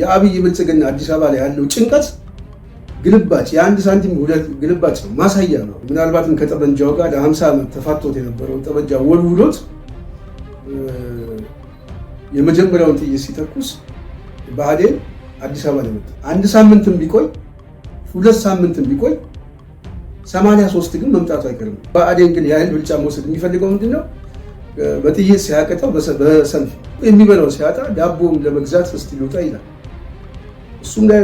የአብይ ብልጽግና አዲስ አበባ ላይ ያለው ጭንቀት ግልባጭ የአንድ ሳንቲም ሁለት ግልባጭ ነው፣ ማሳያ ነው። ምናልባትም ከጠመንጃው ጋር ለ50 ዓመት ተፋቶት የነበረው ጠመንጃ ወልውሎት የመጀመሪያውን ጥይት ሲተኩስ ብአዴን አዲስ አበባ ላይ መጣ። አንድ ሳምንትም ቢቆይ ሁለት ሳምንትም ቢቆይ 83 ግን መምጣቱ አይቀርም። ብአዴን ግን የኃይል ብልጫ መውሰድ የሚፈልገው ምንድን ነው? በጥይት ሲያቅተው በሰልፍ የሚበላው ሲያጣ ዳቦም ለመግዛት እስቲ ልውጣ ይላል። እሱም ላይ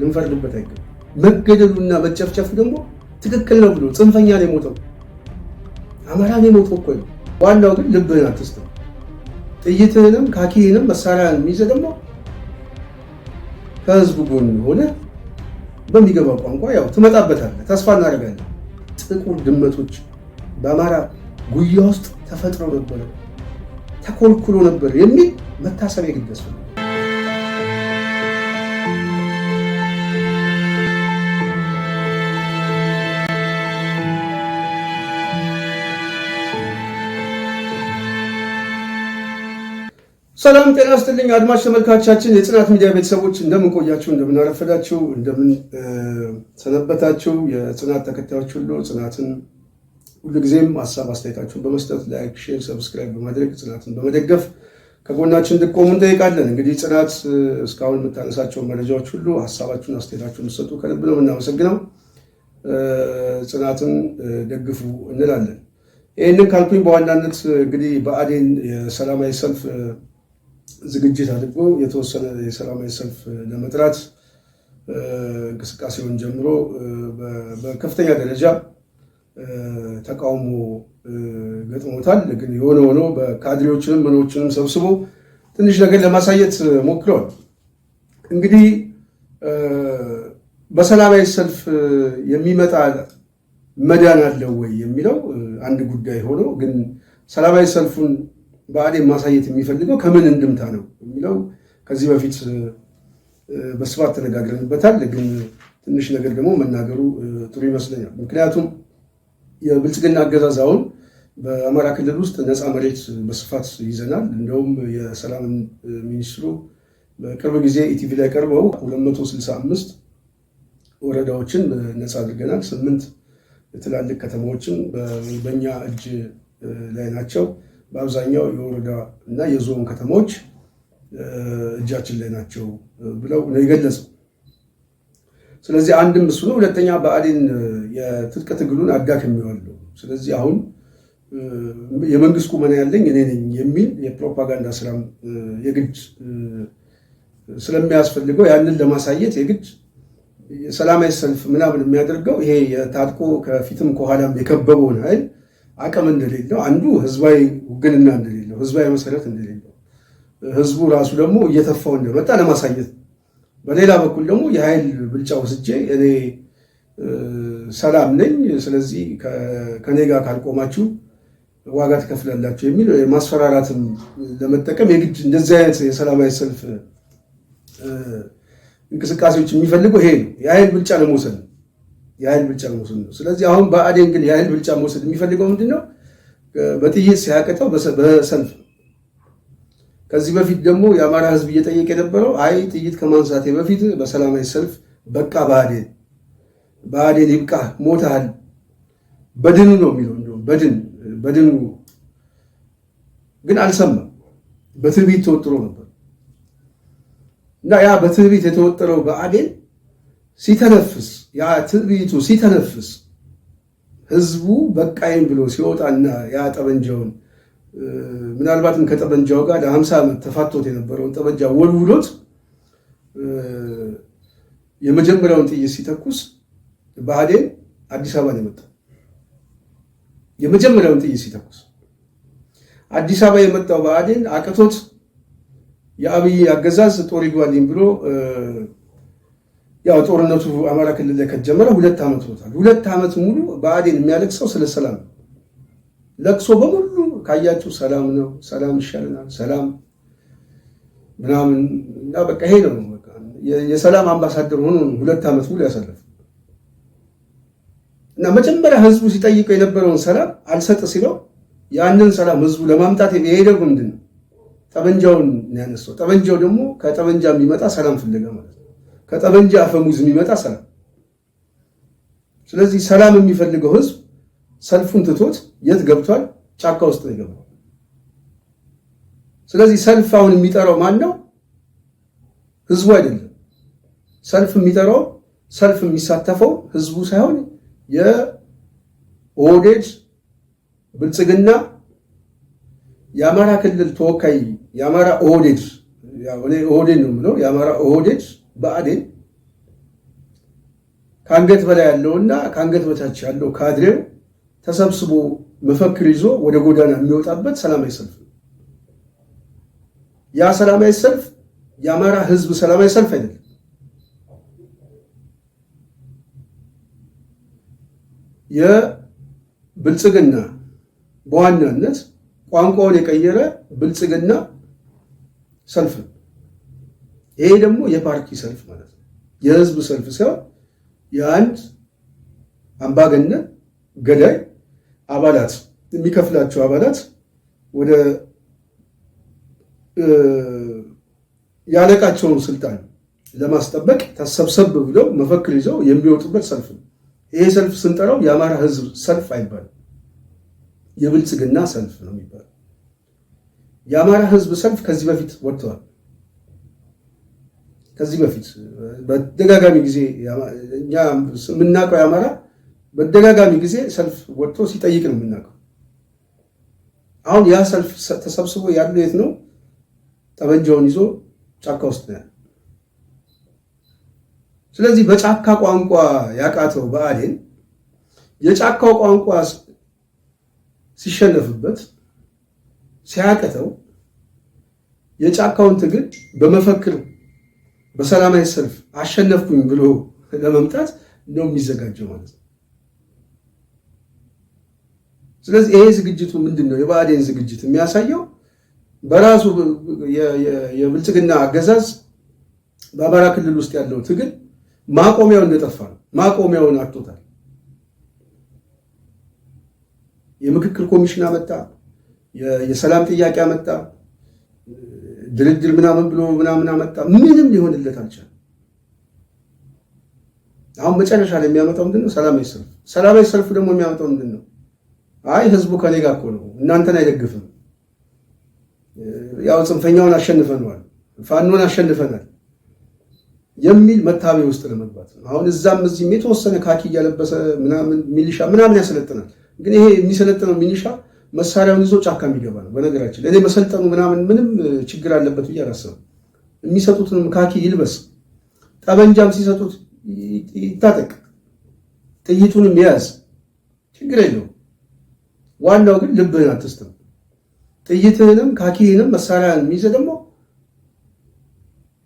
ልንፈርድበት አይገባም። መገደሉና መጨፍጨፉ ደግሞ ትክክል ነው ብሎ ጽንፈኛ ነው የሞተው፣ አማራ ነው የሞተው እኮ ነው። ዋናው ግን ልብህን አትስተው። ጥይትህንም ካኪህንም መሳሪያህንም ይዘህ ደግሞ ከህዝቡ ጎን ሆነ በሚገባ ቋንቋ ያው ትመጣበታለህ። ተስፋ እናደርጋለን። ጥቁር ድመቶች በአማራ ጉያ ውስጥ ተፈጥረው ነበረ፣ ተኮልኩሎ ነበር የሚል መታሰቢያ ግድ ያስፈልጋል። ሰላም ጤና ስትልኝ አድማጭ ተመልካቻችን የጽናት ሚዲያ ቤተሰቦች እንደምንቆያችሁ እንደምናረፈዳችሁ እንደምን ሰነበታችሁ የጽናት ተከታዮች ሁሉ ጽናትን ሁልጊዜም ሀሳብ አስተያየታችሁን በመስጠት ላይክ ሼር ሰብስክራይብ በማድረግ ጽናትን በመደገፍ ከጎናችን እንድቆሙ እንጠይቃለን እንግዲህ ጽናት እስካሁን የምታነሳቸው መረጃዎች ሁሉ ሀሳባችሁን አስተያየታችሁን የምትሰጡ ከልብ ነው የምናመሰግነው ጽናትን ደግፉ እንላለን ይህንን ካልኩኝ በዋናነት እንግዲህ በአዴን የሰላማዊ ሰልፍ ዝግጅት አድርጎ የተወሰነ የሰላማዊ ሰልፍ ለመጥራት እንቅስቃሴውን ጀምሮ በከፍተኛ ደረጃ ተቃውሞ ገጥሞታል። ግን የሆነ ሆኖ በካድሬዎችንም መኖዎችንም ሰብስቦ ትንሽ ነገር ለማሳየት ሞክረዋል። እንግዲህ በሰላማዊ ሰልፍ የሚመጣ መዳን አለው ወይ የሚለው አንድ ጉዳይ ሆኖ ግን ሰላማዊ ሰልፉን ብአዴን ማሳየት የሚፈልገው ከምን እንድምታ ነው የሚለው ከዚህ በፊት በስፋት ተነጋግረንበታል። ግን ትንሽ ነገር ደግሞ መናገሩ ጥሩ ይመስለኛል። ምክንያቱም የብልጽግና አገዛዝ አሁን በአማራ ክልል ውስጥ ነፃ መሬት በስፋት ይዘናል። እንደውም የሰላም ሚኒስትሩ በቅርብ ጊዜ ኢቲቪ ላይ ቀርበው 265 ወረዳዎችን ነፃ አድርገናል፣ ስምንት ትላልቅ ከተማዎችን በእኛ እጅ ላይ ናቸው በአብዛኛው የወረዳ እና የዞን ከተሞች እጃችን ላይ ናቸው ብለው ነው የገለጸው። ስለዚህ አንድም እሱ ነው። ሁለተኛ ብአዴን የትጥቅ ትግሉን አዳክሜዋለሁ፣ ስለዚህ አሁን የመንግስት ቁመና ያለኝ እኔ ነኝ የሚል የፕሮፓጋንዳ ስራም የግድ ስለሚያስፈልገው ያንን ለማሳየት የግድ ሰላማዊ ሰልፍ ምናምን የሚያደርገው ይሄ የታጥቆ ከፊትም ከኋላም የከበበውን ኃይል አቅም እንደሌለው፣ አንዱ ህዝባዊ ውግንና እንደሌለው፣ ህዝባዊ መሰረት እንደሌለው፣ ህዝቡ ራሱ ደግሞ እየተፋው እንደመጣ ለማሳየት በሌላ በኩል ደግሞ የኃይል ብልጫ ወስጄ እኔ ሰላም ነኝ፣ ስለዚህ ከኔ ጋር ካልቆማችሁ ዋጋ ትከፍላላችሁ የሚል ማስፈራራትም ለመጠቀም የግድ እንደዚህ አይነት የሰላማዊ ሰልፍ እንቅስቃሴዎች የሚፈልገው ይሄ ነው። የኃይል ብልጫ ለመውሰድ ነው። የኃይል ብልጫ መውሰድ ነው። ስለዚህ አሁን በአዴን ግን የኃይል ብልጫ መውሰድ የሚፈልገው ምንድን ነው? በጥይት ሲያቅተው በሰልፍ ነው። ከዚህ በፊት ደግሞ የአማራ ህዝብ እየጠየቅ የነበረው አይ ጥይት ከማንሳቴ በፊት በሰላማዊ ሰልፍ በቃ በአዴን በአዴን ይብቃ፣ ሞታል፣ በድኑ ነው የሚለው በድን በድኑ ግን አልሰማም። በትዕቢት ተወጥሮ ነበር እና ያ በትዕቢት የተወጠረው በአዴን ሲተነፍስ ያ ትዕቢቱ ሲተነፍስ ህዝቡ በቃይን ብሎ ሲወጣና ያ ጠመንጃውን ምናልባትም ከጠመንጃው ጋር ለሀምሳ ዓመት ተፋቶት የነበረውን ጠመንጃ ወልውሎት የመጀመሪያውን ጥይት ሲተኩስ ብአዴን አዲስ አበባ ነው የመጣው። የመጀመሪያውን ጥይት ሲተኩስ አዲስ አበባ የመጣው ብአዴን አቅቶት የአብይ አገዛዝ ጦር ይግባልኝ ብሎ ያው ጦርነቱ አማራ ክልል ላይ ከጀመረ ሁለት ዓመት ሆኗል። ሁለት ዓመት ሙሉ በአዴን የሚያለቅሰው ስለ ሰላም ለቅሶ በሙሉ ካያችሁ ሰላም ነው፣ ሰላም ይሻለናል፣ ሰላም ምናምን እና በቃ ይሄ ነው የሰላም አምባሳደር ሆኖ ሁለት ዓመት ሙሉ ያሳለፈ እና መጀመሪያ ህዝቡ ሲጠይቀው የነበረውን ሰላም አልሰጥ ሲለው ያንን ሰላም ህዝቡ ለማምጣት የሄደው ምንድን ነው? ጠመንጃውን ያነሳው። ጠመንጃው ደግሞ ከጠመንጃ የሚመጣ ሰላም ፍለጋ ማለት ከጠመንጃ አፈሙዝ የሚመጣ ሰላም። ስለዚህ ሰላም የሚፈልገው ህዝብ ሰልፉን ትቶት የት ገብቷል? ጫካ ውስጥ ነው የገባው። ስለዚህ ሰልፍ አሁን የሚጠራው ማን ነው? ህዝቡ አይደለም። ሰልፍ የሚጠራው ሰልፍ የሚሳተፈው ህዝቡ ሳይሆን የኦህዴድ ብልጽግና የአማራ ክልል ተወካይ የአማራ ኦህዴድ ኦህዴድ ነው የምለው የአማራ ኦህዴድ ብአዴን ከአንገት በላይ ያለውና ከአንገት በታች ያለው ካድሬው ተሰብስቦ መፈክር ይዞ ወደ ጎዳና የሚወጣበት ሰላማዊ ሰልፍ ነው። ያ ሰላማዊ ሰልፍ የአማራ ህዝብ ሰላማዊ ሰልፍ አይደለም። የብልጽግና በዋናነት ቋንቋውን የቀየረ ብልጽግና ሰልፍ ነው። ይሄ ደግሞ የፓርቲ ሰልፍ ማለት ነው። የህዝብ ሰልፍ ሲሆን የአንድ አምባገነን ገዳይ አባላት የሚከፍላቸው አባላት ወደ ያለቃቸውን ስልጣን ለማስጠበቅ ተሰብሰብ ብለው መፈክር ይዘው የሚወጡበት ሰልፍ ነው። ይሄ ሰልፍ ስንጠራው የአማራ ህዝብ ሰልፍ አይባልም፣ የብልጽግና ሰልፍ ነው የሚባለው። የአማራ ህዝብ ሰልፍ ከዚህ በፊት ወጥተዋል። ከዚህ በፊት በደጋጋሚ ጊዜ እኛ የምናውቀው የአማራ በደጋጋሚ ጊዜ ሰልፍ ወጥቶ ሲጠይቅ ነው የምናውቀው። አሁን ያ ሰልፍ ተሰብስቦ ያሉ የት ነው? ጠመንጃውን ይዞ ጫካ ውስጥ ነው ስለዚህ በጫካ ቋንቋ ያቃተው ብአዴን የጫካው ቋንቋ ሲሸነፍበት ሲያቀተው የጫካውን ትግል በመፈክር በሰላማዊ ሰልፍ አሸነፍኩኝ ብሎ ለመምጣት ነው የሚዘጋጀው ማለት ነው። ስለዚህ ይሄ ዝግጅቱ ምንድን ነው? የብአዴን ዝግጅት የሚያሳየው በራሱ የብልጽግና አገዛዝ በአማራ ክልል ውስጥ ያለው ትግል ማቆሚያው እንደጠፋ ነው። ማቆሚያውን አጥቶታል። የምክክር ኮሚሽን አመጣ፣ የሰላም ጥያቄ አመጣ። ድልድል ምናምን ብሎ ምናምን አመጣ፣ ምንም ሊሆንለት አልቻለም። አሁን መጨረሻ ላይ የሚያመጣው ምንድን ነው? ሰላማዊ ሰልፍ። ሰላማዊ ሰልፍ ደግሞ የሚያመጣው ምንድን ነው? አይ ህዝቡ ከኔ ጋር እኮ ነው፣ እናንተን አይደግፍም። ያው ጽንፈኛውን አሸንፈነዋል፣ ፋኖን አሸንፈናል የሚል መታበያ ውስጥ ለመግባት ነው። አሁን እዛም እዚህም የተወሰነ ካኪ እያለበሰ ምናምን ሚሊሻ ምናምን ያሰለጥናል። ግን ይሄ የሚሰለጥነው ሚሊሻ መሳሪያውን ይዞ ጫካ የሚገባ ነው። በነገራችን ለዚህ መሰልጠኑ ምናምን ምንም ችግር አለበት ብዬ አላሰብም። የሚሰጡትንም ካኪ ይልበስ፣ ጠበንጃም ሲሰጡት ይታጠቅ፣ ጥይቱንም ያዝ፣ ችግር የለው። ዋናው ግን ልብህን አትስትም። ጥይትህንም ካኪህንም መሳሪያህንም የሚይዘ ደግሞ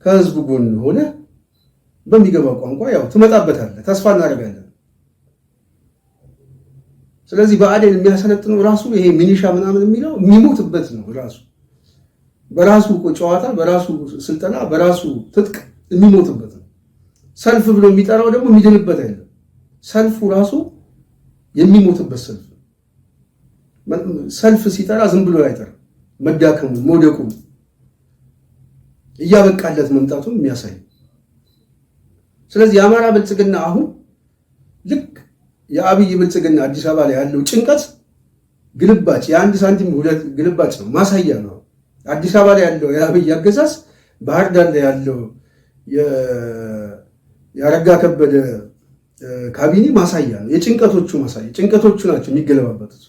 ከህዝቡ ጎን ሆነ በሚገባ ቋንቋ ያው ትመጣበታለህ፣ ተስፋ እናደርጋለን። ስለዚህ በአደን የሚያሰለጥነው ራሱ ይሄ ሚኒሻ ምናምን የሚለው የሚሞትበት ነው። ራሱ በራሱ ጨዋታ፣ በራሱ ስልጠና፣ በራሱ ትጥቅ የሚሞትበት ነው። ሰልፍ ብሎ የሚጠራው ደግሞ የሚድንበት አይደለም። ሰልፉ ራሱ የሚሞትበት ሰልፍ ሰልፍ ሲጠራ ዝም ብሎ አይጠራም። መዳከሙ፣ መውደቁ፣ እያበቃለት መምጣቱን የሚያሳይ ስለዚህ የአማራ ብልጽግና አሁን ልክ የአብይ ብልጽግና አዲስ አበባ ላይ ያለው ጭንቀት ግልባጭ የአንድ ሳንቲም ሁለት ግልባጭ ነው፣ ማሳያ ነው። አዲስ አበባ ላይ ያለው የአብይ አገዛዝ ባህር ዳር ላይ ያለው የአረጋ ከበደ ካቢኔ ማሳያ ነው። የጭንቀቶቹ ማሳያ ጭንቀቶቹ ናቸው የሚገለባበጡት።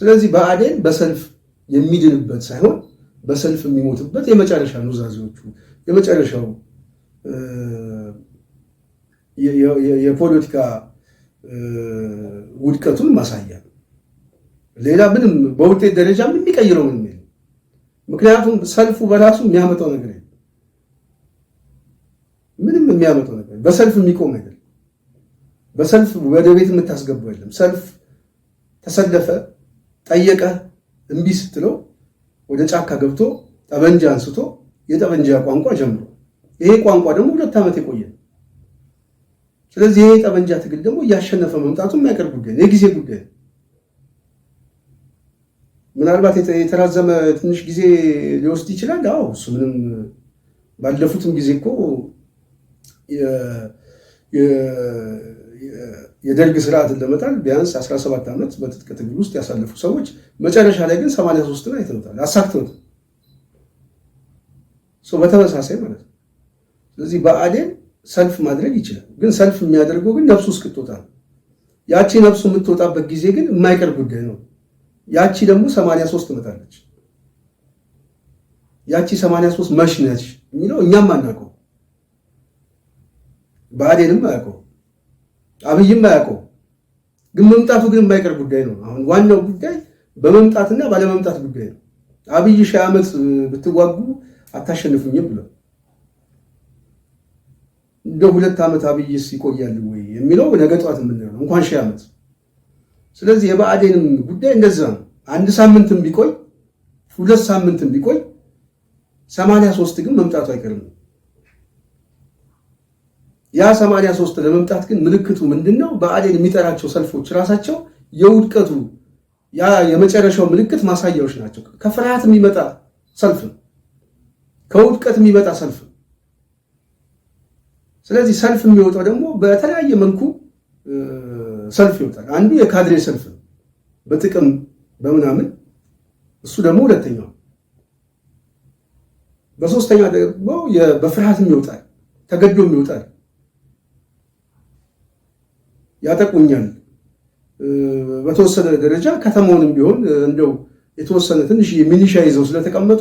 ስለዚህ በአዴን በሰልፍ የሚድንበት ሳይሆን በሰልፍ የሚሞትበት የመጨረሻ ኑዛዜዎቹ የመጨረሻው የፖለቲካ ውድቀቱን ማሳያ ነው። ሌላ ምንም በውጤት ደረጃ ምን የሚቀይረው ምን? ምክንያቱም ሰልፉ በራሱ የሚያመጣው ነገር የለም። ምንም የሚያመጣው ነገር በሰልፍ የሚቆም አይደለም። በሰልፍ ወደ ቤት የምታስገባው የለም። ሰልፍ ተሰለፈ፣ ጠየቀ፣ እምቢ ስትለው ወደ ጫካ ገብቶ ጠበንጃ አንስቶ የጠበንጃ ቋንቋ ጀምሮ ይሄ ቋንቋ ደግሞ ሁለት ዓመት የቆየ ነው። ስለዚህ ይሄ ጠመንጃ ትግል ደግሞ እያሸነፈ መምጣቱ የሚያቀር ጉዳይ ነው፣ የጊዜ ጉዳይ ምናልባት የተራዘመ ትንሽ ጊዜ ሊወስድ ይችላል። አዎ እሱ ምንም ባለፉትም ጊዜ እኮ የደርግ ስርዓትን ለመጣል ቢያንስ 17 ዓመት በትጥቅ ትግል ውስጥ ያሳለፉ ሰዎች መጨረሻ ላይ ግን 83 ላይ አይተውታል፣ አሳክተውት በተመሳሳይ ማለት ነው። ስለዚህ በአዴን ሰልፍ ማድረግ ይችላል። ግን ሰልፍ የሚያደርገው ግን ነፍሱ እስክትወጣ ነው። ያቺ ነፍሱ የምትወጣበት ጊዜ ግን የማይቀር ጉዳይ ነው። ያቺ ደግሞ 83 ትመጣለች። ያቺ 83 መች ነች የሚለው እኛም አናውቀው፣ በአዴንም አያውቀው፣ አብይም አያውቀው። ግን መምጣቱ ግን የማይቀር ጉዳይ ነው። አሁን ዋናው ጉዳይ በመምጣትና ባለመምጣት ጉዳይ ነው። አብይ ሺህ ዓመት ብትዋጉ አታሸንፉኝም ብለው እንደ ሁለት ዓመት አብይስ ይቆያል ወይ የሚለው ነገ ጠዋት የምንለው ነው፣ እንኳን ሺህ ዓመት። ስለዚህ የብአዴንም ጉዳይ እንደዛ ነው። አንድ ሳምንትም ቢቆይ ሁለት ሳምንትም ቢቆይ ሰማንያ ሶስት ግን መምጣቱ አይቀርም። ያ ሰማንያ ሶስት ለመምጣት ግን ምልክቱ ምንድን ነው? ብአዴን የሚጠራቸው ሰልፎች ራሳቸው የውድቀቱ ያ የመጨረሻው ምልክት ማሳያዎች ናቸው። ከፍርሃት የሚመጣ ሰልፍ ነው። ከውድቀት የሚመጣ ሰልፍ ነው። ስለዚህ ሰልፍ የሚወጣው ደግሞ በተለያየ መልኩ ሰልፍ ይወጣል። አንዱ የካድሬ ሰልፍ ነው፣ በጥቅም በምናምን እሱ ደግሞ ሁለተኛው። በሶስተኛ ደግሞ በፍርሃትም ይወጣል፣ ተገዶም ይወጣል። ያጠቁኛል በተወሰነ ደረጃ ከተማውንም ቢሆን እንደው የተወሰነ ትንሽ ሚኒሻ ይዘው ስለተቀመጡ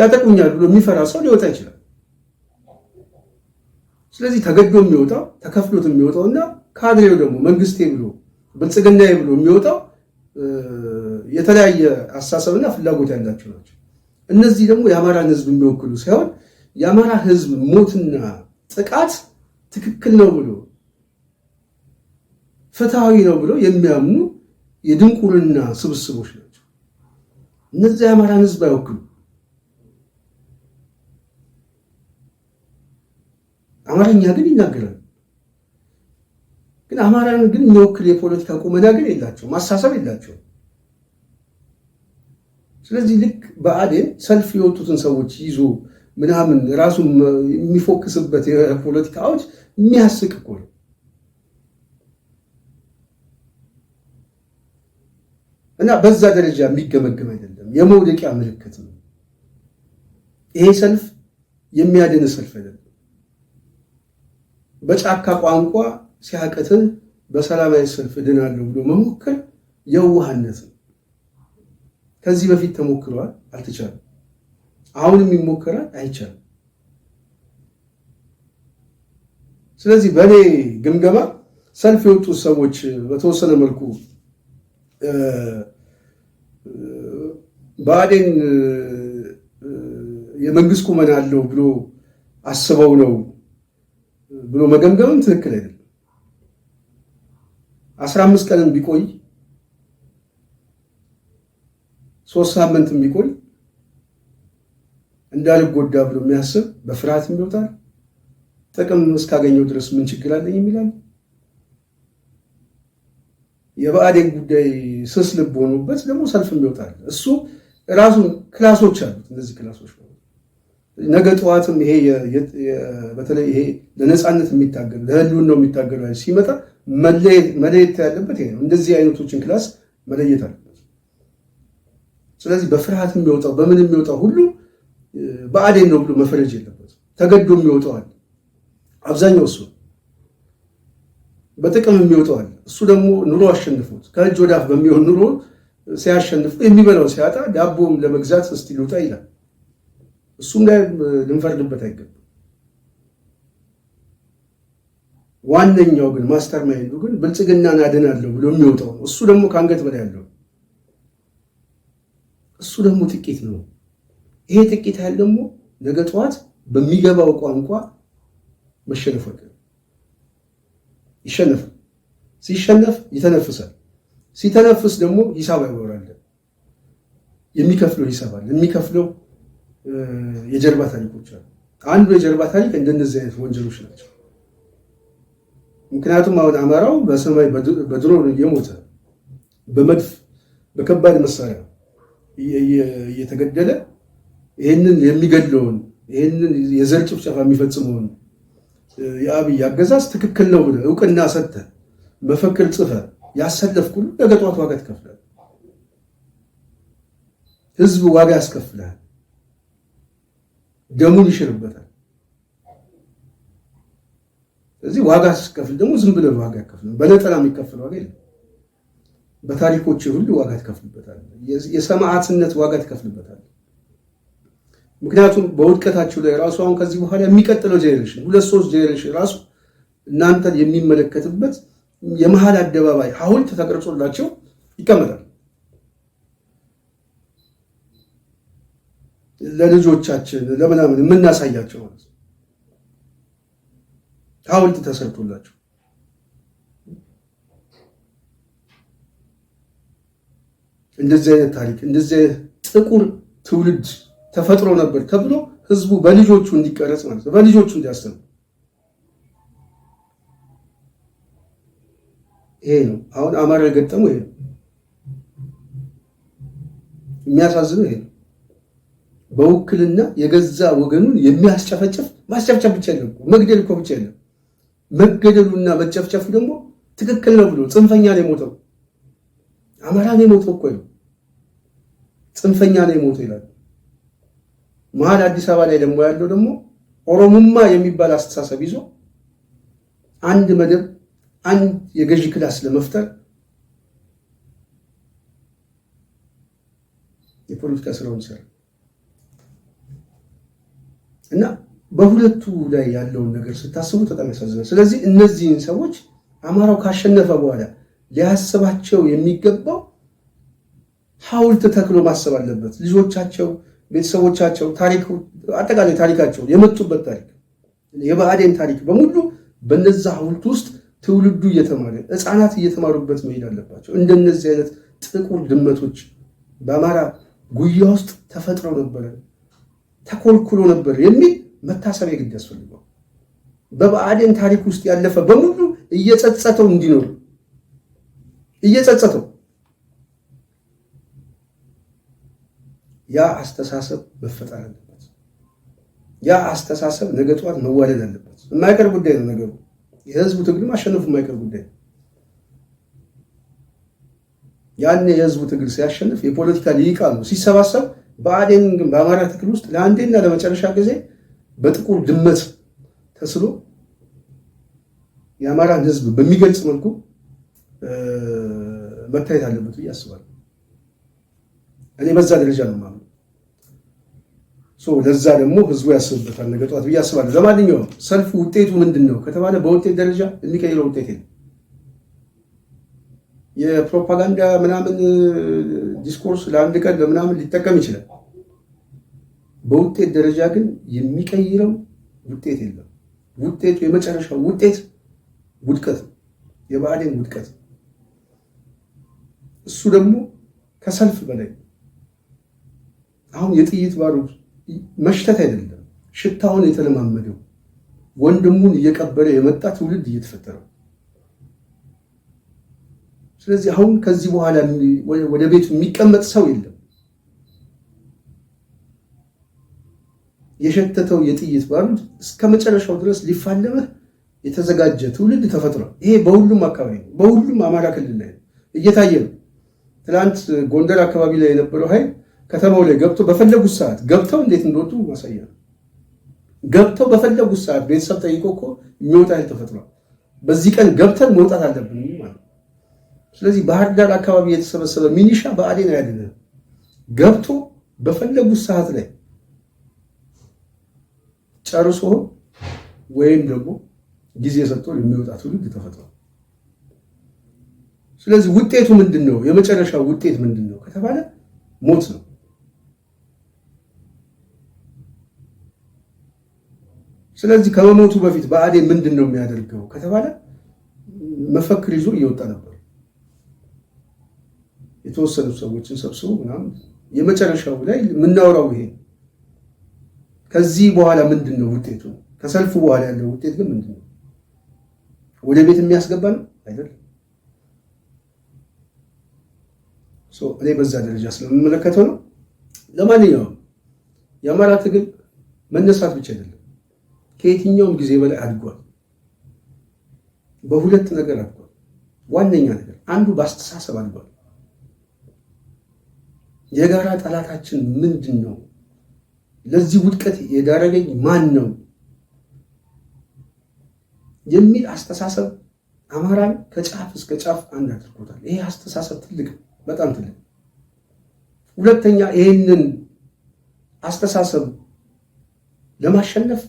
ያጠቁኛል ብሎ የሚፈራ ሰው ሊወጣ ይችላል። ስለዚህ ተገዶ የሚወጣው ተከፍሎት የሚወጣው እና ካድሬው ደግሞ መንግስቴ ብሎ ብልጽግናዬ ብሎ የሚወጣው የተለያየ አሳሰብና ፍላጎት ያላቸው ናቸው። እነዚህ ደግሞ የአማራን ህዝብ የሚወክሉ ሳይሆን የአማራ ህዝብ ሞትና ጥቃት ትክክል ነው ብሎ ፍትሐዊ ነው ብሎ የሚያምኑ የድንቁርና ስብስቦች ናቸው። እነዚህ የአማራን ህዝብ አይወክሉ። አማርኛ ግን ይናገራል። ግን አማራን ግን የሚወክል የፖለቲካ ቁመና ግን የላቸው፣ ማሳሰብ የላቸው። ስለዚህ ልክ በአዴን ሰልፍ የወጡትን ሰዎች ይዞ ምናምን ራሱን የሚፎክስበት የፖለቲካዎች የሚያስቅ እኮ ነው። እና በዛ ደረጃ የሚገመገም አይደለም፣ የመውደቂያ ምልክት ነው። ይሄ ሰልፍ የሚያድን ሰልፍ አይደለም። በጫካ ቋንቋ ሲያቅትህ በሰላማዊ ሰልፍ እድናለሁ ብሎ መሞከር የዋህነት ነው። ከዚህ በፊት ተሞክሯል አልተቻለም። አሁንም ይሞከራል፣ አይቻልም። ስለዚህ በእኔ ግምገማ ሰልፍ የወጡ ሰዎች በተወሰነ መልኩ ብአዴን የመንግስት ቁመና አለው ብሎ አስበው ነው ብሎ መገምገምም ትክክል አይደለም። አስራ አምስት ቀንም ቢቆይ ሶስት ሳምንትም ቢቆይ እንዳልጎዳ ብሎ የሚያስብ በፍርሃትም ይወጣል። ጥቅም እስካገኘው ድረስ ምን ችግር አለኝ የሚላል የብአዴን ጉዳይ ስስ ልብ ሆኖበት ደግሞ ሰልፍ ይወጣል። እሱ ራሱን ክላሶች አሉት። እነዚህ ክላሶች ነገ ጠዋትም ይሄ በተለይ ይሄ ለነፃነት የሚታገሉ ለህልውን ነው የሚታገሉ ሲመጣ መለየት ያለበት ይሄ ነው። እንደዚህ አይነቶችን ክላስ መለየት አለበት። ስለዚህ በፍርሃት የሚወጣው በምን የሚወጣው ሁሉ በአዴን ነው ብሎ መፈረጅ የለበት። ተገዶ የሚወጣዋል አብዛኛው እሱ በጥቅም የሚወጣዋል እሱ ደግሞ ኑሮ አሸንፎት ከእጅ ወዳፍ በሚሆን ኑሮ ሲያሸንፍ የሚበላው ሲያጣ ዳቦም ለመግዛት እስቲ ልውጣ ይላል። እሱም ላይ ልንፈርድበት አይገባም። ዋነኛው ግን ማስተር ማይንዱ ግን ብልጽግናን አድናለሁ ብሎ የሚወጣው ነው። እሱ ደግሞ ከአንገት በላይ ያለው እሱ ደግሞ ጥቂት ነው። ይሄ ጥቂት ያህል ደግሞ ነገ ጠዋት በሚገባው ቋንቋ መሸነፍ ወደ ይሸነፋል። ሲሸነፍ ይተነፍሳል። ሲተነፍስ ደግሞ ሂሳብ አይወራለን። የሚከፍለው ሂሳብ አለ። የሚከፍለው የጀርባ ታሪኮች አሉ። አንዱ የጀርባ ታሪክ እንደነዚህ አይነት ወንጀሎች ናቸው። ምክንያቱም አሁን አማራው በሰማይ በድሮን እየሞተ በመድፍ በከባድ መሳሪያ እየተገደለ ይህንን የሚገድለውን ይህንን የዘር ጭፍጨፋ የሚፈጽመውን የአብይ አገዛዝ ትክክል ነው ብለህ እውቅና ሰጥተህ መፈክር ጽፈህ ያሰለፍ ሁሉ ነገ ጠዋት ዋጋ ትከፍላለህ። ህዝብ ዋጋ ያስከፍላል። ደሙን ይሽርበታል። ስለዚህ ዋጋ ስከፍል ደግሞ ዝም ብለን ዋጋ አይከፍልም። በነጠላ የሚከፍል ዋጋ የለም። በታሪኮች ሁሉ ዋጋ ትከፍልበታል። የሰማዕትነት ዋጋ ትከፍልበታል። ምክንያቱም በውድቀታችሁ ላይ ራሱ አሁን ከዚህ በኋላ የሚቀጥለው ጀኔሬሽን ሁለት ሶስት ጀኔሬሽን ራሱ እናንተን የሚመለከትበት የመሀል አደባባይ ሐውልት ተቀርጾላቸው ይቀመጣል። ለልጆቻችን ለምናምን የምናሳያቸው ማለት ነው። ሐውልት ተሰርቶላቸው እንደዚህ አይነት ታሪክ እንደዚህ አይነት ጥቁር ትውልድ ተፈጥሮ ነበር ተብሎ ህዝቡ በልጆቹ እንዲቀረጽ ማለት ነው። በልጆቹ እንዲያስተምር ይሄ ነው። አሁን አማራ ገጠሙ ይሄ ነው። የሚያሳዝነው ይሄ ነው። በውክልና የገዛ ወገኑን የሚያስጨፈጨፍ ማስጨፍጨፍ ብቻ የለም፣ መግደል እኮ ብቻ የለም። መገደሉና መጨፍጨፉ ደግሞ ትክክል ነው ብሎ ጽንፈኛ ነው የሞተው፣ አማራ ነው የሞተው እኮ ነው፣ ጽንፈኛ ነው የሞተው ይላል። መሀል አዲስ አበባ ላይ ደግሞ ያለው ደግሞ ኦሮሞማ የሚባል አስተሳሰብ ይዞ አንድ መደብ አንድ የገዢ ክላስ ለመፍጠር የፖለቲካ ስራውን ይሰራል። እና በሁለቱ ላይ ያለውን ነገር ስታስቡት በጣም ያሳዝናል። ስለዚህ እነዚህን ሰዎች አማራው ካሸነፈ በኋላ ሊያስባቸው የሚገባው ሐውልት ተክሎ ማሰብ አለበት። ልጆቻቸው፣ ቤተሰቦቻቸው፣ አጠቃላይ ታሪካቸው፣ የመጡበት ታሪክ፣ የብአዴን ታሪክ በሙሉ በነዛ ሐውልት ውስጥ ትውልዱ እየተማረ ህፃናት እየተማሩበት መሄድ አለባቸው። እንደነዚህ አይነት ጥቁር ድመቶች በአማራ ጉያ ውስጥ ተፈጥረው ነበረ። ተኮልኩሎ ነበር የሚል መታሰቢያ ግድ ያስፈልገው። በብአዴን ታሪክ ውስጥ ያለፈ በሙሉ እየጸጸተው እንዲኖር እየጸጸተው ያ አስተሳሰብ መፈጠር አለበት። ያ አስተሳሰብ ነገ ጠዋት መዋደድ አለበት። የማይቀር ጉዳይ ነው ነገሩ። የህዝቡ ትግል ማሸነፉ የማይቀር ጉዳይ ነው። ያን የህዝቡ ትግል ሲያሸንፍ የፖለቲካ ሊቃ ነው ሲሰባሰብ በአዴን ግን በአማራ ትግል ውስጥ ለአንዴና ለመጨረሻ ጊዜ በጥቁር ድመት ተስሎ የአማራን ህዝብ በሚገልጽ መልኩ መታየት አለበት ብዬ አስባለሁ። እኔ በዛ ደረጃ ነው የማምነው። ለዛ ደግሞ ህዝቡ ያስብበታል ነገ ጠዋት ብዬ አስባለሁ። ለማንኛውም ሰልፉ ውጤቱ ምንድን ነው ከተባለ በውጤት ደረጃ የሚቀይረው ውጤት የለም። የፕሮፓጋንዳ ምናምን ዲስኮርስ ለአንድ ቀን ለምናምን ሊጠቀም ይችላል። በውጤት ደረጃ ግን የሚቀይረው ውጤት የለም። ውጤቱ የመጨረሻው ውጤት ውድቀት ነው፣ የብአዴን ውድቀት። እሱ ደግሞ ከሰልፍ በላይ አሁን የጥይት ባሩድ መሽተት አይደለም፣ ሽታውን የተለማመደው ወንድሙን እየቀበረ የመጣ ትውልድ እየተፈጠረው ስለዚህ አሁን ከዚህ በኋላ ወደ ቤቱ የሚቀመጥ ሰው የለም። የሸተተው የጥይት ባሉት እስከ መጨረሻው ድረስ ሊፋለምህ የተዘጋጀ ትውልድ ተፈጥሯል። ይሄ በሁሉም አካባቢ ነው፣ በሁሉም አማራ ክልል ላይ እየታየ ነው። ትናንት ጎንደር አካባቢ ላይ የነበረው ኃይል ከተማው ላይ ገብቶ በፈለጉት ሰዓት ገብተው እንዴት እንደወጡ ማሳያ ነው። ገብተው በፈለጉት ሰዓት ቤተሰብ ጠይቆ እኮ የሚወጣ ኃይል ተፈጥሯል። በዚህ ቀን ገብተን መውጣት አለብን ማለት ስለዚህ ባህር ዳር አካባቢ የተሰበሰበ ሚኒሻ በአዴን አይደለም። ገብቶ በፈለጉት ሰዓት ላይ ጨርሶ ወይም ደግሞ ጊዜ ሰጥቶ የሚወጣ ትውልድ ተፈጥሯል። ስለዚህ ውጤቱ ምንድን ነው? የመጨረሻው ውጤት ምንድን ነው ከተባለ ሞት ነው። ስለዚህ ከመሞቱ በፊት በአዴ ምንድን ነው የሚያደርገው ከተባለ መፈክር ይዞ እየወጣ ነበር። የተወሰኑ ሰዎችን ሰብስቦ ምናምን የመጨረሻው ላይ የምናውራው ይሄ ከዚህ በኋላ ምንድን ነው ውጤቱ? ከሰልፉ በኋላ ያለው ውጤት ግን ምንድን ነው? ወደ ቤት የሚያስገባ ነው አይደል? እኔ በዛ ደረጃ ስለምመለከተው ነው። ለማንኛውም የአማራ ትግል መነሳት ብቻ አይደለም፣ ከየትኛውም ጊዜ በላይ አድጓል። በሁለት ነገር አድጓል። ዋነኛ ነገር አንዱ በአስተሳሰብ አድጓል። የጋራ ጠላታችን ምንድን ነው? ለዚህ ውድቀት የዳረገኝ ማን ነው? የሚል አስተሳሰብ አማራን ከጫፍ እስከ ጫፍ አንድ አድርጎታል። ይሄ አስተሳሰብ ትልቅ በጣም ትልቅ። ሁለተኛ ይህንን አስተሳሰብ ለማሸነፍ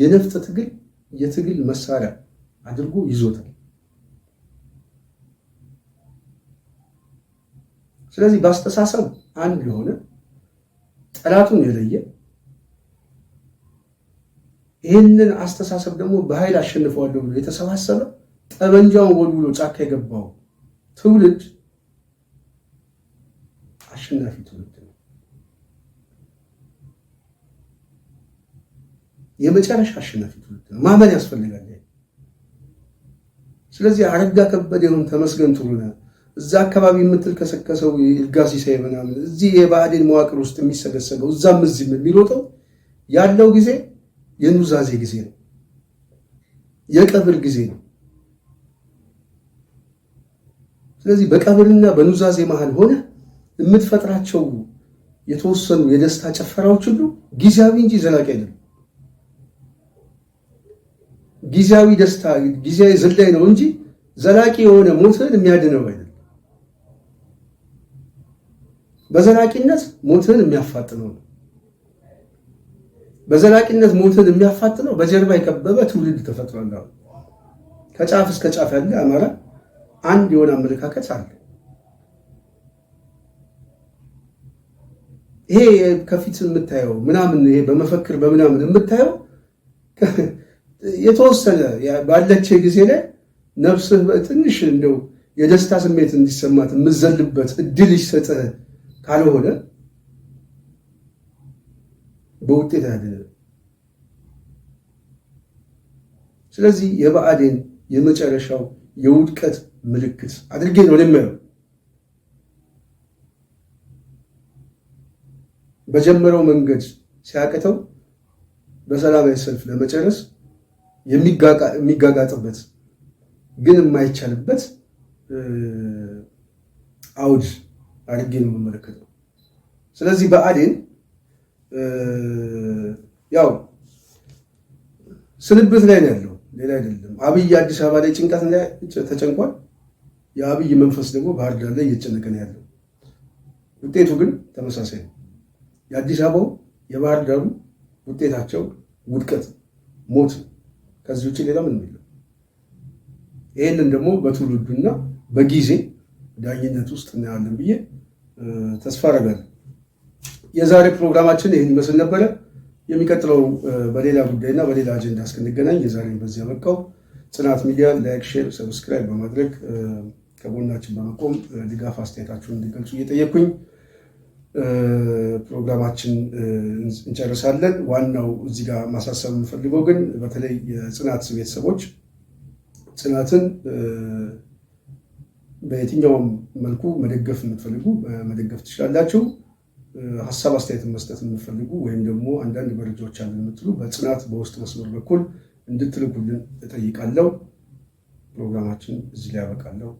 የነፍጥ ትግል የትግል መሳሪያ አድርጎ ይዞታል። ስለዚህ በአስተሳሰብ አንድ የሆነ ጠላቱን የለየ ይህንን አስተሳሰብ ደግሞ በኃይል አሸንፈዋለሁ ብሎ የተሰባሰበ ጠመንጃውን ወልውሎ ጫካ የገባው ትውልድ አሸናፊ ትውልድ ነው። የመጨረሻ አሸናፊ ትውልድ ነው። ማመን ያስፈልጋል። ስለዚህ አረጋ ከበደውን ተመስገን ትሉናል። እዛ አካባቢ የምትልከሰከሰው ይልጋሲሳ ምናምን እዚህ የባህዴን መዋቅር ውስጥ የሚሰበሰበው እዛም እዚህም የሚሮጠው ያለው ጊዜ የኑዛዜ ጊዜ ነው፣ የቀብር ጊዜ ነው። ስለዚህ በቀብርና በኑዛዜ መሀል ሆነ የምትፈጥራቸው የተወሰኑ የደስታ ጨፈራዎች ሁሉ ጊዜያዊ እንጂ ዘላቂ አይደለም። ጊዜያዊ ደስታ ጊዜያዊ ዝላይ ነው እንጂ ዘላቂ የሆነ ሞትን የሚያድነው በዘላቂነት ሞትን የሚያፋጥነው ነው። በዘላቂነት ሞትን የሚያፋጥነው በጀርባ የከበበ ትውልድ ተፈጥሯል። ከጫፍ እስከ ጫፍ ያለ አማራ አንድ የሆነ አመለካከት አለ። ይሄ ከፊት የምታየው ምናምን ይሄ በመፈክር በምናምን የምታየው የተወሰነ ባለች ጊዜ ላይ ነፍስህ ትንሽ እንደው የደስታ ስሜት እንዲሰማት የምዘልበት እድል ይሰጥህ ካልሆነ በውጤት አይደለም። ስለዚህ የብአዴን የመጨረሻው የውድቀት ምልክት አድርጌ ነው የማየው። በጀመረው መንገድ ሲያቅተው በሰላማዊ ሰልፍ ለመጨረስ የሚጋጋጥበት ግን የማይቻልበት አውድ አድርጌ ነው የምመለከተው። ስለዚህ በአዴን ያው ስንብት ላይ ነው ያለው፣ ሌላ አይደለም። አብይ አዲስ አበባ ላይ ጭንቀት ተጨንቋል። የአብይ መንፈስ ደግሞ ባህር ዳር ላይ እየተጨነቀ ነው ያለው። ውጤቱ ግን ተመሳሳይ ነው። የአዲስ አበባው የባህር ዳሩ ውጤታቸው ውድቀት፣ ሞት፣ ከዚህ ውጭ ሌላ ምንም የለም። ይህንን ደግሞ በትውልዱና በጊዜ ዳኝነት ውስጥ እናያለን ብዬ ተስፋ አደርጋለሁ። የዛሬ ፕሮግራማችን ይህን ይመስል ነበረ። የሚቀጥለው በሌላ ጉዳይና በሌላ አጀንዳ እስክንገናኝ የዛሬ በዚህ ያበቃው። ጽናት ሚዲያ ላይክ፣ ሼር፣ ሰብስክራይብ በማድረግ ከጎናችን በመቆም ድጋፍ አስተያየታችሁን እንዲገልጹ እየጠየኩኝ ፕሮግራማችን እንጨርሳለን። ዋናው እዚህ ጋር ማሳሰብ የምፈልገው ግን በተለይ የጽናት ቤተሰቦች ጽናትን በየትኛውም መልኩ መደገፍ የምትፈልጉ መደገፍ ትችላላችሁ። ሀሳብ አስተያየትን መስጠት የምትፈልጉ ወይም ደግሞ አንዳንድ መረጃዎች አለን የምትሉ በጽናት በውስጥ መስመር በኩል እንድትልኩልን እጠይቃለሁ። ፕሮግራማችን እዚህ ላይ ያበቃለሁ።